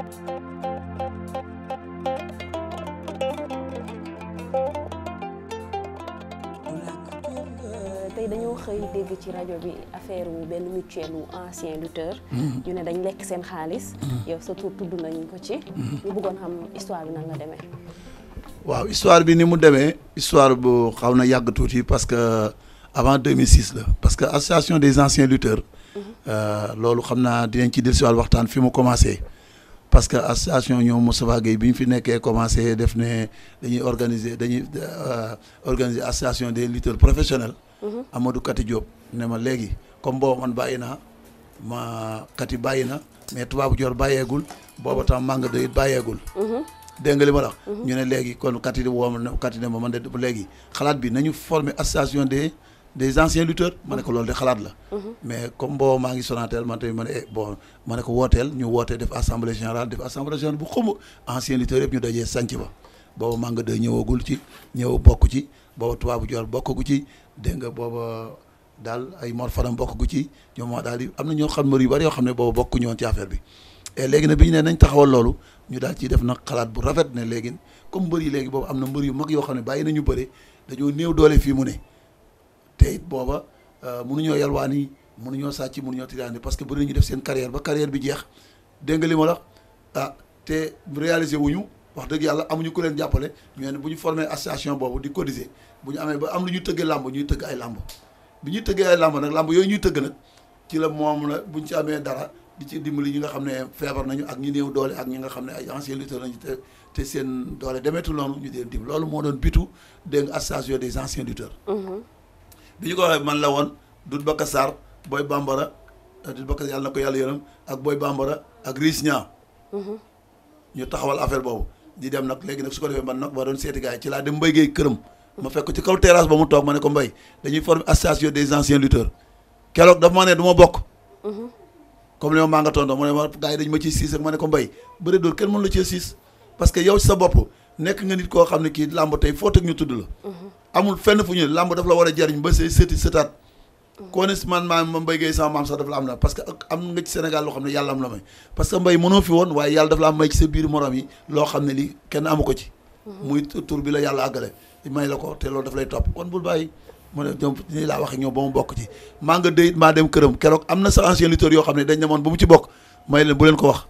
tey dañoo xëy dégg ci rajo bi affaire wu benn mutuelle wu ancien lutteur. Mm-hmm. ñu ne dañ lekk seen xaalis. Mm-hmm. yow sa tur tudd nañ ko ci. Mm-hmm. ñu bëggoon xam histoire bi nan la demee. waaw histoire bi ni mu demee histoire bu xaw na yàgg tuuti parce que avant 2006 la parce que association des anciens lutteurs. Euh, loolu xam naa dinañ ci dellusiwaat waxtaan fi mu commencé parce que association ñom Moussa Gueye bi commencé def organiser dañuy euh, organiser association des lutteurs professionnels. Mhm. Amadou Kati Diop ne comme ma Kati mais tam manga de mhm. de la mhm. ñu né légui kon Kati Kati de association des anciens lutteurs ma ko loolu de xalaat la. Mhm. mais comme booba maa ngi Sonatel man tamit mané eh, bon ma ne ko wooteel ñu woté def assemblée générale def assemblée générale bu xumb anciens lutteurs yëpp ñu dajé sànc ba Manga de ñëwagul ci ñëw bokku ci tuba bu jor bokku ci de nga booba dal ay morfaram bokku ci ñoom moo daal di ñoo xam mbër yu bari yo xamné ne bokku ñoon ci affaire bi. et légui na bi ñu ne nañ taxawal lolu ñu dal ci def na khalat bu rafet né légui comme bari légui bobu amna am yu mag yo xamné ne ñu nañu bëre dañoo néew doole fii mu ne te it booba euh, mënuñoo yalwaani mënuñoo sàcc mënuñoo tiraani parce que bëri ñu def seen carrière ba carrière bi jeex dégg li ma la ah te réalisé wuñu wax dëgg yàlla amuñu ku leen jàppale ñu ne bu ñu formé association boobu di codiser bu ñu amee ba am lu ñu tëggee làmb ñuy tëgg ay làmb bi ñuy tëggee ay làmb nag làmb yooyu ñuy tëgg nag ci la moom la buñ ci amee dara di ci dimbali ñi nga xam ne feebar nañu ak ñi néew doole ak ñi nga xam ne ay ancien lutteur nañu te te seen doole demeetu noonu ñu di dim loolu moo doon bitu dégg association des anciens lutteurs mm-hmm. bi ñu ko waxee man la woon Doudou Baka Sarr Boy Bambara euh, Doudou Baka yàlla na ko yàlla yërëm ak booy Bambara ak Riis Niang mhm. ñu taxawal affaire boobu di dem nag léegi nag su ko defee man nag ma doon seeti gars yi ci laa dem Mbaye Guèye këram ma fekk ci kaw terrasse ba mu toog ma ne ko Mbaye dañuy former association des anciens lutteurs keroog dafa ma ne du ma bokk mhm. comme li ma maa nga tonton mu ne ma gars yi dañu ma ciy siis ak ma ne ko Mbaye bëri dóor kenn que yow ci bopp nekk koo xam ne kii làmb tey foo teg ñu tudd la amul fenn fu ñu la war a jariñ ba say sëti sëtaat mm. koo ne man maam ma mbay gay sama maam sax daf la am la parce que am nga ci Sénégal loo am la may am ko ci mm. la yàlla àggale la te loolu daf lay topp kon bul bàyyi mu laa waxee ñoom ba mu bokk ci maa nga déyit maa dem këram keroog am na sa ancien lutteur yoo xam ne dañ demoon ba mu ci bokk may leen bu leen ko wax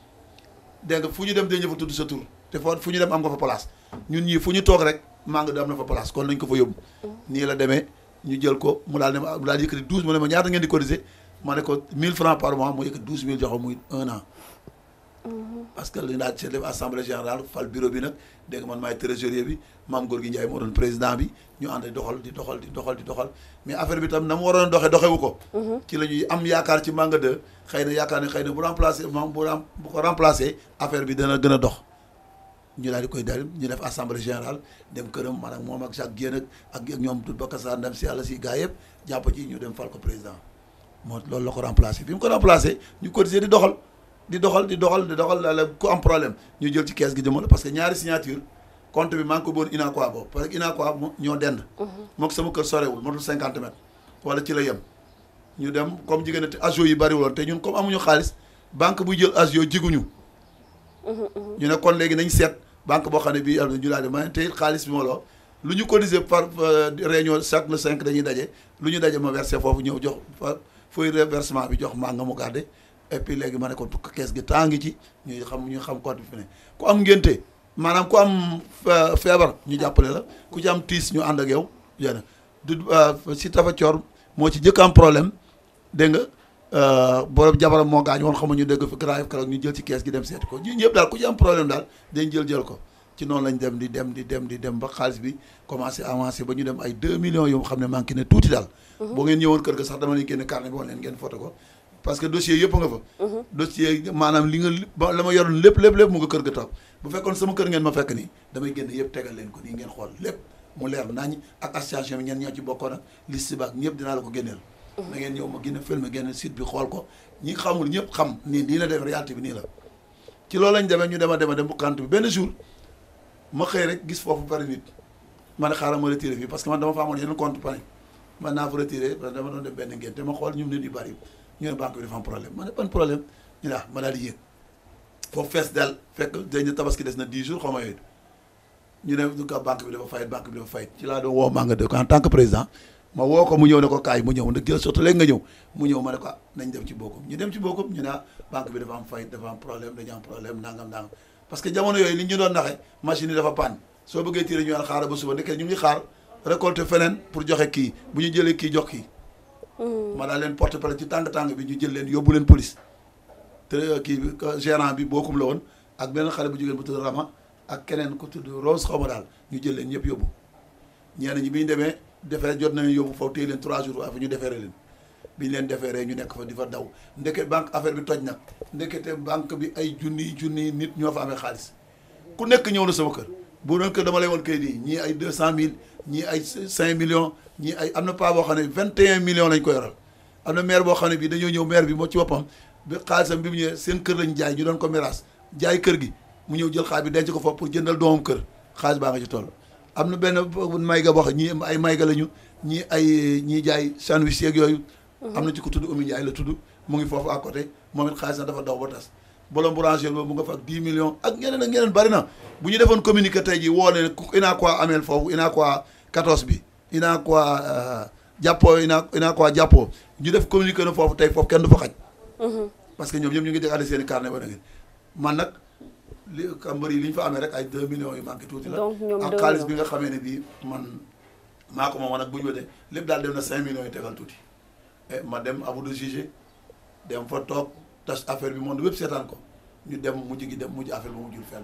dégg nga fu ñu dem dañu fa tudd sa tur te foo fu ñu dem am nga fa place ñun ñii fu ñu toog rek Manga du am na fa place kon nañ ko fa yóbbu nii la demee ñu jël ko mu daal ne mu daal yëkkati douze mu ne ñaata ngeen di cotiser ma ne ko mille francs par mois mu yëkkati douze mille jox muy un an parce que li naa def assemblée générale fal bureau bi nag dégg man maay trésorier bi maam Gorgui Ndiaye moo doon président bi ñu am yaakaar ci Manga 2 xëy na yaakaar ne xëy na bu remplacé bu ko remplacé affaire bi dana gën a dox. ñu daal di koy dal ñu def assemblée générale dem këram maanaam moom ak Jacques Guèye ak ak ñoom Doudou Bakassar ndem si yàlla si gars yëpp jàpp ci ñu dem fal ko président moo loolu la ko remplacé bi mu ko remplacé ñu di doxal di doxal di doxal la ku am problème ñu jël ci kees gi jëmale parce que ñaari signature compte bi maa ngi ko boon Unacois boobu parce que Unacois ñoo dend mhm. mook sama kër sorewul matul cinquante mètres wala ci la yem ñu dem comme jigéen te agio yi bariwuloon te ñun comme amuñu xaalis banque buy jël agio jiguñu mhm, mhm. ñu ne kon léegi nañ seet banque boo xam ne bii am na ñu daal di may te xaalis bi ma loo lu ñu cotiser par euh, réunion chaque le cinq dañuy daje lu ñu daje ma foofu ñëw jox par fooy versement bi jox maa nga mu garde et puis léegi ma ne ko kees gi temps ngi ci ñuy xam ñu xam code bi fi ne ku am ngénte maanaam ku am euh, feebar ñu jàppale la ku ci am tiis ñu ànd ak yow yéen du euh, si tafa coor moo ci jëkk am problème dégg nga euh, borom jabaram moo gaañ woon xamuñu dégg fi grave keroog ñu jël ci daal dañ jël jël ko ci noonu lañ dem di dem di dem di dem ba xaalis bi commencé avancé ba ñu dem ay 2 millions yoo xam ne manqué ne tuuti daal. boo ngeen ñëwoon kër ga sax dama leen génne carnet bi wan leen ngeen foto ko. parce que dossier yëpp nga fa mhm. dossier maanaam li nga la ma yoroon lépp lépp mu nga kër ga toog bu fekkoon sama kër ngeen ma fekk nii damay génn yëpp tegal leen ko nii ngeen xool lépp mu leer nañ ak association bi ñen ñoo ci bokkoon ak liste baak ñëpp dinaa la ko génneel mhm. na ngeen ma gën a filmé génn site bi xool ko ñi xamul ñëpp xam nii nii la def réalité bi nii la ci loolu lañ demee ñu dema dema dem bu xant bi benn jour ma xëy rek gis foofu bari pare ñu ne banque bi dafa am problème ma ne problème ñu ne ah ma daal di foofu fees dal fekk dañu tabaski des na 10 jours xaw yooyu ñu ne laa doon woo Manga de ko en mu ñëw ne ko kaay nga ñëw mu ñëw ma ne ko ah, nañ dem ci bokkum ñu dem ci bokkum ñu ne ah banque bi dafa am fayit dafa am problème dañu am problème nangam nangam parce que jamono yooyu li ñu doon naxe machine yi dafa panne soo bëggee tiire ñu xaaral ba suba ndekkee ñu ngi xaar récolter feneen pour joxe kii bu ñu jëlee kii jox kii Mm. man daal leen porte plainte ci tàng-tàng bi ñu jël leen yóbbu leen police te euh, kii bi gérant bi bokkum la woon ak benn xale bu jigéen bu tudd Rama ak keneen ku tudd Rose xaw ma daal ñu jël leen ñëpp yóbbu ñenn ñi bi ñu demee defee jot nañu yóbbu foofu téye leen trois jours waaye fa ñu defeere leen bi ñu leen defeeree ñu nekk fa di fa daw ndeket banque affaire bi toj na ndekete banque bi ay junniy junniy nit ñoo fa amee xaalis ku nekk ñëw na sama kër bu doon dama lay kayit ay deux ni mille ay 5 millions ni ay amna pas bo 21 millions lañ ko yoral amna maire bo xam bi dañu ñew maire bi mo ci boppam bi xaalisam bi mu ñew seen kër lañ jaay ñu ko jaay kër gi mu jël bi denc ko pour jëndal doom kër xaalis ba nga ci toll tu na mayga boo xam ay mayga lañu ay jaay la tuddu ngi bolom boulanger boobu nga fa ak 10 millions ak ñeneen ak ñeneen bari na bu ñu defoon communiqué tey ji woo ne inaa quoi ameel foofu inaa quoi 14 bi inaa quoi jàppoo inaa inaa jàppoo ñu def communiqué na foofu tey foofu kenn du fa xaj mhm. parce que ñoom ñëpp ñu ngi dégaale seen i carnet ba nag man nag li mbër yi li ñu fa amee rek ay 2 millions yu manqué tuuti la ak xaalis bi nga xamee ne bii man maa ko moom nag bu ñu wetee lépp daal dem na 5 millions yu tegal eh, ma dem abou de jugé dem tas affaire bi monde wépp seetaan ko ñu dem mujj gi dem mujj affaire bi mujjul fenn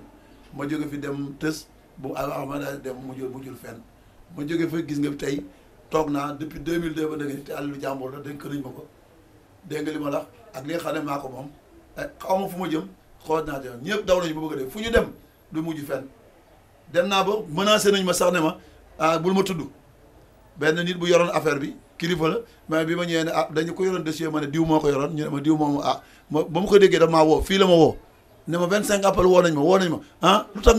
ma jóge fi dem tës bu Alhamdulilah dem mujjul mujjul fenn ma jóge fa gis nga tey toog naa depuis 2002 ba léegi te àllu jàmbur la dénk nañ ma ko dégg nga li ma la ak li nga xam ne maa ko moom eh, xaw ma fu ma jëm xool naa jëm ñëpp daw nañu ba bëgg a fu ñu dem du mujj fen dem naa ba menacé nañ ma sax ne ma ah bul ma tudd benn nit bu yoroon affaire bi. kilifa la mais bi ma ñëwee ne ah dañu ko yoroon dossier ma ne diw moo ko yoroon ñu ne ma diw moomu ah ma ba ma ko déggee daf maa woo fii la ma woo ne ma 25 appel woo nañ ma woo nañ ma ah lu tax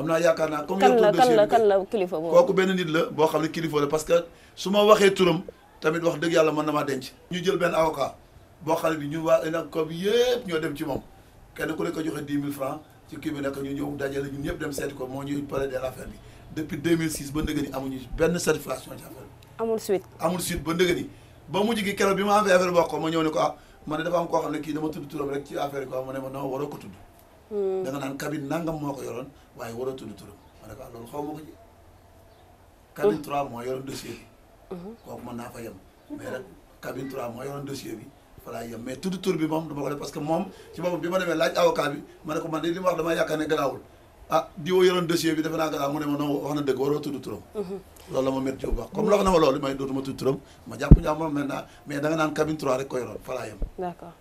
nga ah, naa yaakaar naa comme la kooku benn nit la boo xam ne kilifa la parce que su ma waxee turam tamit wax dëgg yàlla man na maa denc ñu jël benn avocat boo xam ne bi ñun waa nag comme yëpp ñoo dem ci moom kenn ku ne ko joxe 10 000 francs ci kii bi nekk ñu ñëw dajale ñun ñëpp dem seeti ko moo ñuy paree de bi depuis 2006 ba ndëgëni amuñu benn satisfaction ci satisfaction. suite suite ba ndëgëni ba mujj il Bon, a affaire bokk ma ñëw ne ko je ma dafa am dama ma ko hmm. hmm. tudd. da nga dit cabine nangam tudd ne xaw ma cabine 3 moo dossier 3 dossier mais parce que moom ah diwoo yoroon dossier bi defe naa gannaaw mu ne ma non wax na dëgg waroo tudd turam. loolu ma métti bu comme loxo mm-hmm. ma loolu ma jàpp njàmbur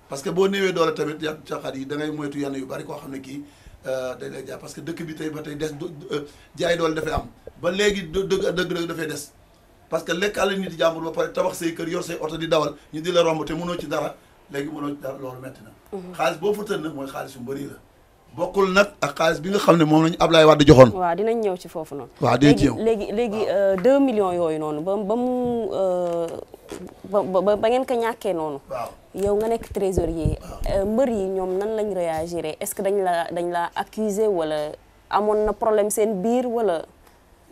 parce que boo néewee doole tamit yan caxaat yi da ngay moytu yenn euh, que dëkk bi tey ba tey des euh, jaay jàmbur ba pare tabax say kër yor say oto di dawal ñu di la romb te mënoo ci dara léegi mënoo ci dara loolu métti na. Mm-hmm. xaalis boo fa tën mooy xaalis yu bëri la bokkul nag ak xaalis bi nga xam ne moom lañu wax Wade joxoon. waaw dinañ ñëw ci foofu noonu. waaw dinañ ci ñëw léegi léegi léegi euh, 2 millions yooyu noonu ba ba mu euh, ba ba ngeen ko ñàkkee noonu. waaw yow nga nekk trésorier. Euh, mbër yi ñoom nan lañ réagir est-ce que dañ la dañ la accuser wala amoon na problème seen biir wala.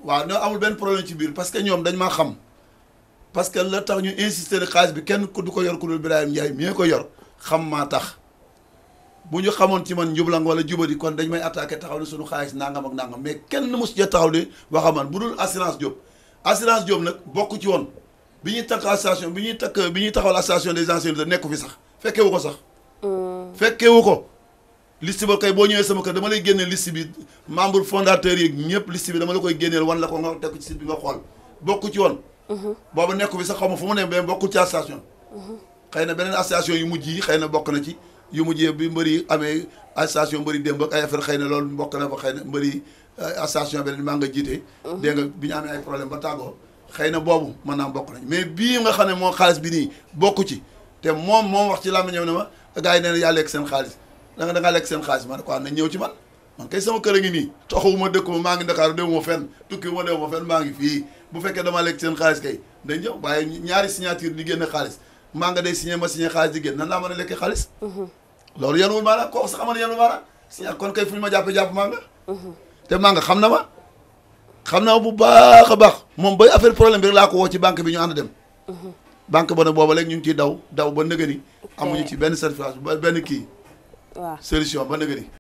waaw non amul benn problème ci biir parce que ñoom dañ maa xam parce que la tax ñu insister xaalis bi kenn ku du ko yor ku bi dul Birahim Ndiaye mi ko yor xam maa tax. bu ñu xamoon ci man njublang wala jubadi kon dañ may attaqué taxaw ne suñu xaalis nangam ak nangam mais kenn mos ja taxaw ne waxa man bu dul assurance Diop assurance Diop nag bokk ci woon bi ñuy takk bi ñuy takk bi ñuy taxawal association des anciens de nekku fi sax fekkee wu ko sax mm. fekkee wu ko liste ba kay boo ñëwee sama kër dama lay génneel liste bi membre fondateur yi ñëpp liste bi dama la koy génneel wan la ko nga teg ci site bi nga xool bokk ci woon mm-hmm. booba nekku fi sax xaw ma fu mu ne mais bokkul ci association mm-hmm. xëy na beneen association yu mujj yi xëy na bokk na ci yu mujjee bi mbëri amee association mbëri démb ak ay affaire xëy na loolu mbokk na fa xëy na mbëri euh, association beneen maa nga jiite. Mhm. dégg nga bi ñu amee ay problème ba tàggoo xëy na boobu mën naa mbokk na mais bii nga xam ne moom xaalis bi nii bokk ci te moom moom wax ci làmb ñëw ne ma gars yi nee na yaa seen xaalis da nga da lekk seen xaalis man quoi ah, nañ ñëw ci man man kay sama kër a ngi nii toxuwuma dëkkuma maa ngi Ndakaaru déwuma fenn tukkiwuma déwuma maa ngi fii bu fekkee dama lekk seen xaalis kay waaye ñaari signature di génne xaalis maa nga day signé ma signé xaalis di génn nan laa mën a lekkee xaalis mhm. loolu yenuwul maanaam kooku sax xam na yenuwul maanaam ah, kon kay fu ñu ma jàppee jàpp maa nga mhm. te maa nga xam na ma xam na ma bu baax a baax moom ba affaire problème bi rek laa ko woo ci banque bi ñu ànd dem mhm. banque ba nag booba léegi ñu ngi ciy daw daw ba nëgëni amuñu ci benn certificat benn kii solution ba nëgëni